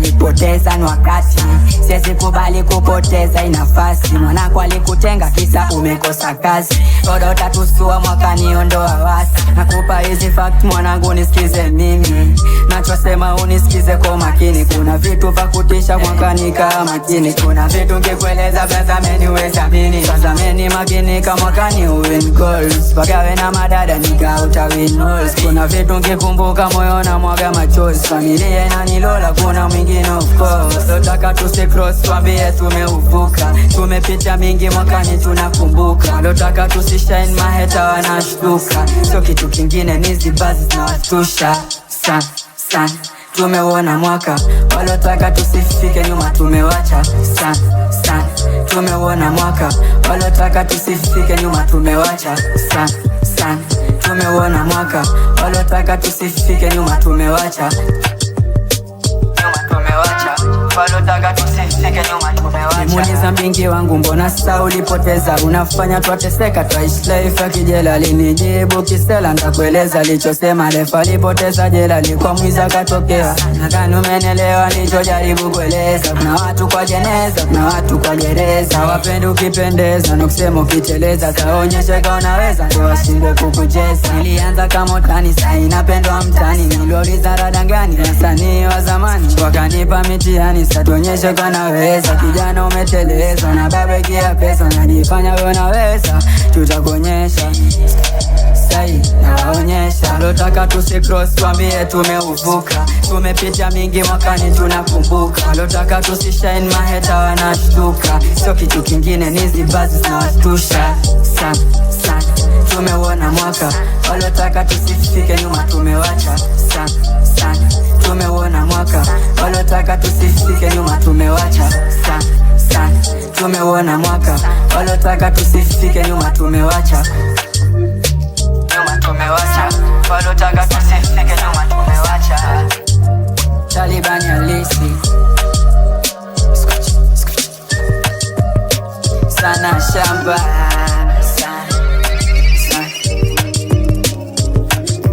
alipoteza ni wakati, siwezi kubali kupoteza inafasi. Mwanako alikutenga kisa umekosa kazi, oda utatusua mwaka niondoa wasi. Nakupa hizi fact mwanangu, nisikize mimi nachosema, unisikize kwa makini. Kuna vitu vya kutisha mwaka nikaa makini, kuna vitu ngekueleza, brother ameniweza mini ni makini kama kani uwin goals we na madada nika win halls Kuna vitu nkikumbuka moyo na mwaga machozi Familia nilola kuna mwingine of course tu tusi cross twambie tumeuvuka Tumepita mingi mwakani tunakumbuka tu si shine maheta wanashtuka Sio kitu kingine nizi bazi zinawatusha San, san, tumeuona mwaka Walotaka tusifike nyuma tumewacha San tumeuona mwaka, walotaka tusifike nyuma tumewacha san sana. Tumeuona mwaka, walotaka tusifike nyuma tumewacha, nyuma tumewacha, walotaka tusifike nyuma mingi wangu, mbona sasa ulipoteza? Unafanya twateseka, twaishlaifa kijela. Linijibu kisela, ndakueleza lichosema. Lefa alipoteza jela, likwa mwiza katokea. Nadhani umenelewa nilichojaribu kueleza. Kuna watu kwa jeneza, kuna watu kwa gereza. Wapendi ukipendeza, nakusema ukiteleza. Kaonyeshe ka unaweza, ndio washindwe kukucheza. Nilianza kama utani, sasa mtani. Niliuliza rada gani, wasanii wa zamani wakanipa mitiani Sasa kijana umetele kuendeleza na babekia pesa nanifanya we unaweza, tutakuonyesha sai nawaonyesha lotaka tusikros, twambie tumeuvuka, tumepitia mingi mwakani tunakumbuka, lotaka tusishain maheta wanashtuka, sio kitu kingine, nizi bazi zinawashtusha sa sa tumeuona mwaka, walotaka tusifike nyuma tumewacha sana sana, tumeuona mwaka, walotaka tusifike nyuma tumewacha sana tumeuona mwaka, walotaka tusifike nyuma tumewacha, nyuma tumewacha, tusifike nyuma tumewacha. sana shamba